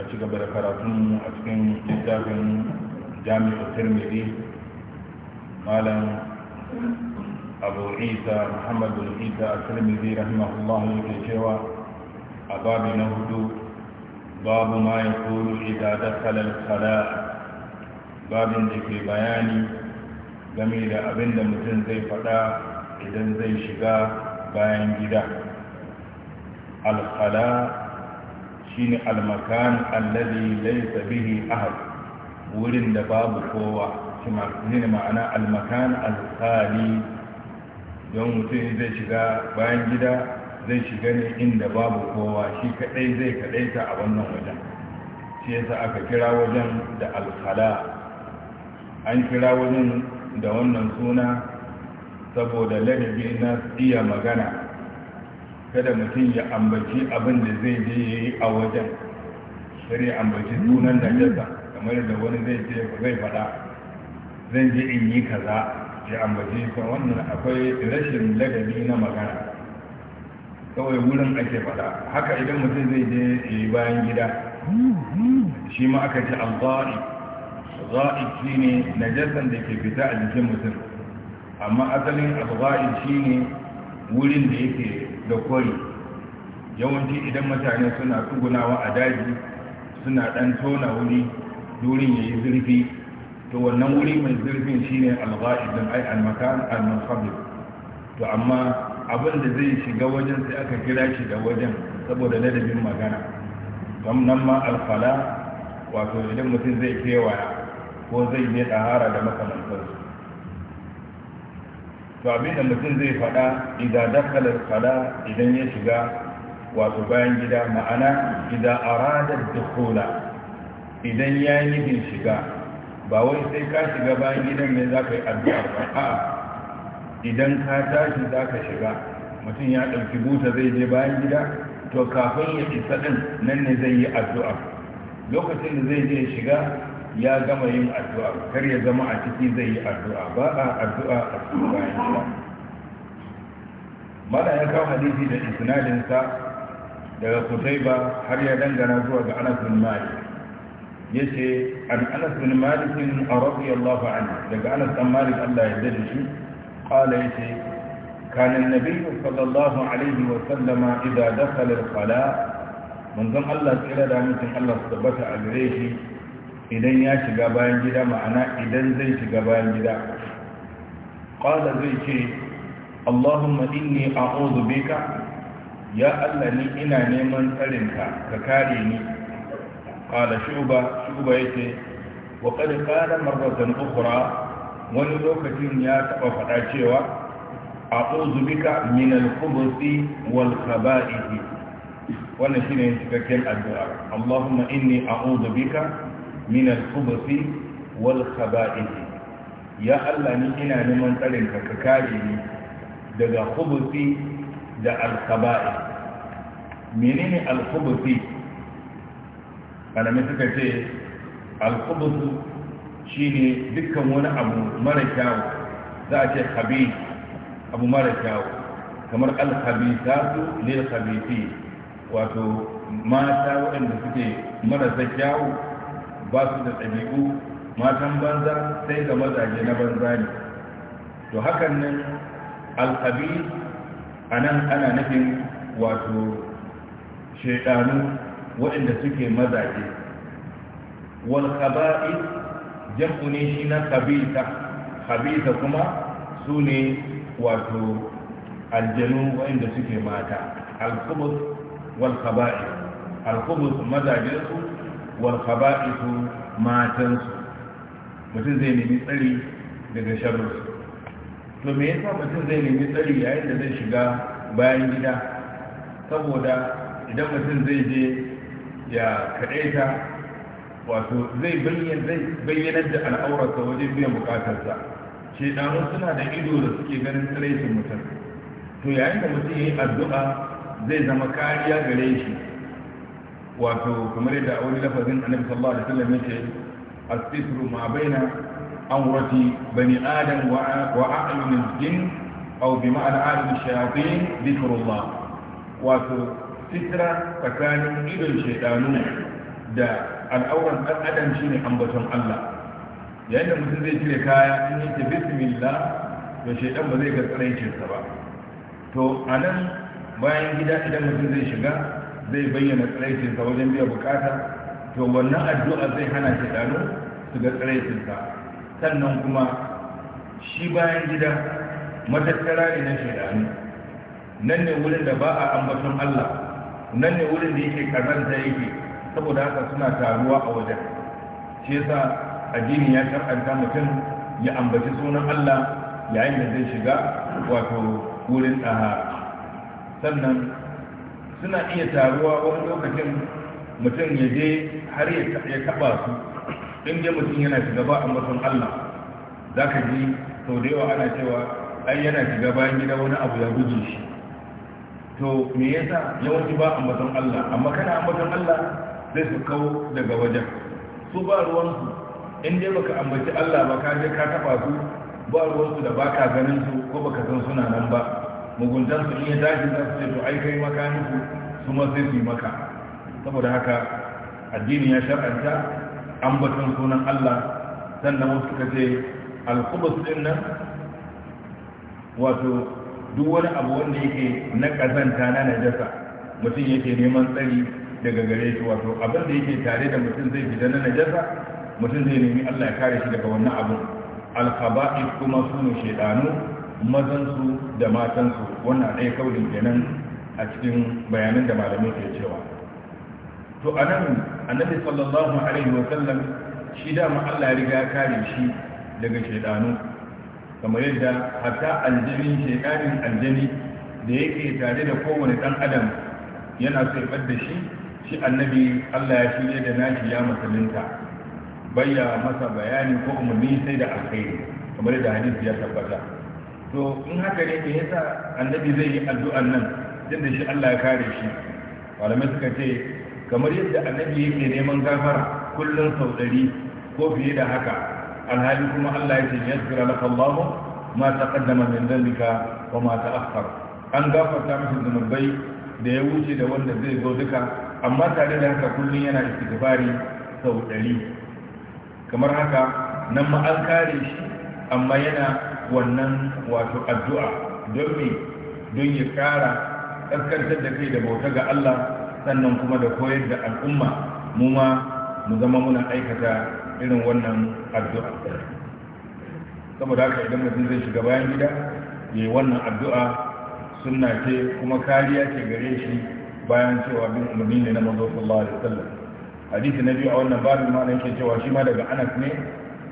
a ci gaba da mu a cikin littafin jami'a tirmidhi malam abu isa muhammad bin isa a tirmidhi rahimahullah yake cewa a babu na hudu babu ma ya kuru idadar halal kala babin da ke bayani game da abin da mutum zai faɗa idan zai shiga bayan gida al-khala shine almakan alladhi laysa bihi ahad wurin da babu kowa shine ma'ana almakan alkali don mutum zai shiga bayan gida zai shiga ne inda babu kowa shi kadai zai ta a wannan wajen shi yasa aka kira wajen da alkhala an kira wajen da wannan suna saboda ladabi na iya magana kada mutum ya ambaci abin da zai je ya yi a wajen sai ya ambaci sunan da najasa kamar da wani zai ce zai faɗa zan je in yi kaza ya ambaci ka wannan akwai rashin ladabi na magana kawai wurin ake faɗa haka idan mutum zai je ya yi bayan gida shi ma aka ce al-za'i za'i shi ne na najasan da ke fita a jikin mutum amma asalin al-za'i shi ne wurin da yake da kwari yawanci idan mutane suna tsugunawa a daji suna dan tona wuri durin ya yi zurfi to wannan wuri mai zurfin shine algha'idin ai almakan almunfabir to amma abin da zai shiga wajen sai aka kira shi da wajen saboda ladabin magana dan nan ma alfala wato idan mutum zai kewaya ko zai yi ɗahara da makamantarsu to abin da mutum zai faɗa idan dakalar fala idan ya shiga wato bayan gida ma'ana idan aradar dukula idan ya yi nufin shiga ba wai sai ka shiga bayan gidan ne za ka yi abuwa ba a'a idan ka tashi za ka shiga mutum ya ɗauki buta zai je bayan gida to kafin ya isa ɗin nan ne zai yi addu'a lokacin da zai je shiga ya gama yin addu'a kar ya zama a ciki zai yi addu'a ba a addu'a a cikin bayan gida mala ya kawo hadisi da isnadinsa daga kutaiba har ya dangana zuwa ga anas bin Ya ce, an anas bin malik radiyallahu anhu daga anas bin malik Allah ya yarda shi qala yace kana an-nabiy sallallahu alaihi wa sallama idza dakhala al-qala manzon Allah tsira da mutum Allah tabbata a gare shi idan ya shiga bayan gida ma'ana idan zai shiga bayan gida ƙwada zai ce allahumma inni a'udhu bika ya allah ni ina neman tsarinka ka kare ni ƙwada shuba shuba ya ce wa ƙada ƙada marratan ukura wani lokacin ya taɓa faɗa cewa a'udhu bika min al-khubuthi wal khaba'ith wannan shine cikakken addu'a allahumma inni a'udhu bika min al-khubuthi wal khaba'ith ya Allah ni ina neman tsarin ka ka kare ni daga khubuthi da al-khaba'ith menene al-khubuthi malamai suka ce al-khubuthu shine dukkan wani abu mara kyau za a ce khabith abu mara kyau kamar al-khabithatu lil-khabithi wato mata waɗanda suke marasa kyau? ba su da ɗabi'u matan banza sai ga mazaje na banza ne to hakan nan alkabi a nan ana nufin wato shekanu waɗanda suke mazaje walkaba'i jam'u ne shi na kabita kabita kuma su ne wato aljanu waɗanda suke mata alkubus walkaba'i alkubus mazajensu wal khaba'isu matansu mutum zai nemi tsari daga sharrinsu to me yasa mutum zai nemi tsari yayin da zai shiga bayan gida saboda idan mutum zai je ya kaɗaita, wato zai bayyana da al'aurarsa wajen biyan bukatarsa shedanu suna da ido da suke ganin tsiraitin mutum to yayin da mutum ya yi addu'a zai zama kariya gare shi wato kamar yadda wani lafazin annabi sallallahu alaihi wasallam yake as-sitru ma baina awrati bani adam wa a'yun al-jin aw bi ma'ana a'yun ash-shayatin dhikrullah wato sitra tsakanin idon shaydanu da al'auran dan adam shine ambaton Allah yayin da mutum zai cire kaya in yake bismillah to shaydan ba zai ga tsaraicin sa ba to anan bayan gida idan mutum zai shiga zai bayyana tsiraitinsa wajen biya bukata to wannan addu'a zai hana shi dano su ga tsiraitinsa sannan kuma shi bayan gida matattara ne na shaidanu nan ne wurin da ba a ambaton Allah nan ne wurin da yake karanta yake saboda haka suna taruwa a wajen shi yasa addini ya karanta mutum ya ambaci sunan Allah yayin da zai shiga wato wurin ɗaha sannan suna iya taruwa wani lokacin mutum ya je har ya taba su in je mutum yana shiga ba a mutum Allah za ka ji sau da yawa ana cewa ai yana shiga bayan gida wani abu ya guje shi to me yasa yawanci ba a mutum Allah amma kana a mutum Allah zai su kawo daga wajen su ba ruwansu in dai baka ambaci Allah ba ka je ka taba su ba ruwansu da baka ganin su ko baka san suna nan ba muguntan su iya tashi za su ce to ai kai maka muku su ma sai su yi maka saboda haka addini ya shar'anta batun sunan Allah sannan wasu suka ce alkubus din nan wato duk wani abu wanda yake na kazanta na najasa mutum yake neman tsari daga gare shi wato abin da yake tare da mutum zai fita na najasa mutum zai nemi Allah ya kare shi daga wannan abin alkhaba'is kuma sunu shaytanu mazansu da matansu wannan ɗaya kaurin kenan a cikin bayanan da malamai ke cewa to a nan annabi sallallahu alaihi wa sallam shi dama Allah ya riga kare shi daga shaidanu kamar yadda hatta aljanin shaidanin aljani da yake tare da kowane dan adam yana so ya shi shi annabi Allah ya shirye da nashi ya musulunta bayya masa bayani ko umarni sai da alkhairi kamar da hadisi ya tabbata to in haka ne ke yasa annabi zai yi addu'an nan da shi Allah ya kare shi malamai suka ce kamar yadda annabi yake neman gafar kullum sau ɗari ko fiye da haka alhali kuma Allah ya ce yaskira laka Allah ma taqaddama min dhanbika wa ma ta'akhkhar an gafarta masa zunubai da ya wuce da wanda zai zo duka amma tare da haka kullum yana istighfari sau ɗari kamar haka nan ma an kare shi amma yana wannan wato addu'a don me don ya ƙara ƙaskantar da kai da bauta ga Allah sannan kuma da koyar da al'umma mu ma mu zama muna aikata irin wannan addu'a saboda haka idan mutum zai shiga bayan gida ya yi wannan addu'a sunna ce kuma kariya ce gare shi bayan cewa bin umarni ne na manzo sallallahu alaihi wasallam hadisi na biyu a wannan babin ma nake cewa shi ma daga Anas ne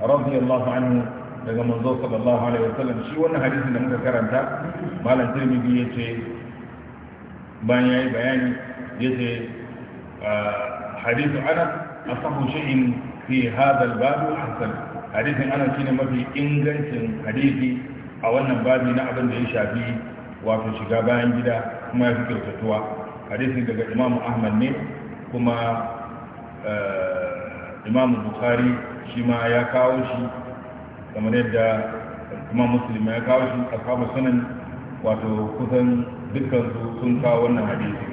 radiyallahu anhu daga manzo sallallahu alaihi wasallam shi wannan hadisin da muka karanta malam tirmidhi yace bayan yayi bayani yace ah, hadithu ana asahu shay'in fi hadha al-bab hasan hadithin ana shine mafi ingancin hadisi a wannan babi na abin da ya shafi wato shiga bayan gida kuma ya fi kyautatuwa hadisin daga imam ahmad ne kuma ah, imam bukhari shi ma ya kawo shi kamar yadda kuma musulmi ya kawo shi a kawo sunan wato kusan dukkansu sun kawo wannan hadisi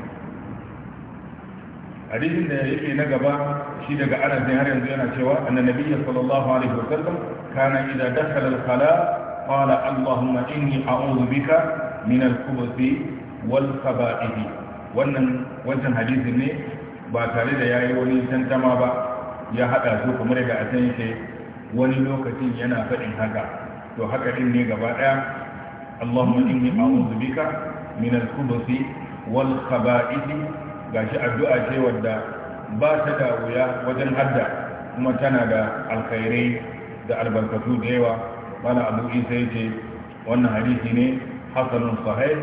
hadisin da yake na gaba shi daga anas har yanzu yana cewa annabi sallallahu alaihi wasallam kana idza dakhala al-khala inni اللهم إني أعوذ بك من wal والخبائث wannan wancan hadisin ne ba tare da yayi wani tantama ba ya hada su kamar a yake wani lokacin yana faɗin haka to haka ɗin ne gaba ɗaya Allahumma inni a'udhu bika min al-khubuth wal khaba'ith gashi addu'a ce wadda ba ta da wuya wajen hadda kuma tana da alkhairai da albarkatu da yawa wala abu isa yace wannan hadisi ne hasanun sahih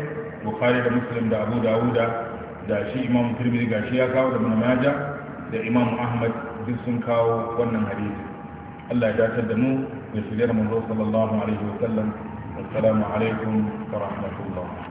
bukhari da muslim da abu dawuda da shi imam turmiri gashi ya kawo da manamaja da imam ahmad duk sun kawo wannan hadisi الله يا كدمو بسيدنا محمد صلى الله عليه وسلم والسلام عليكم ورحمة الله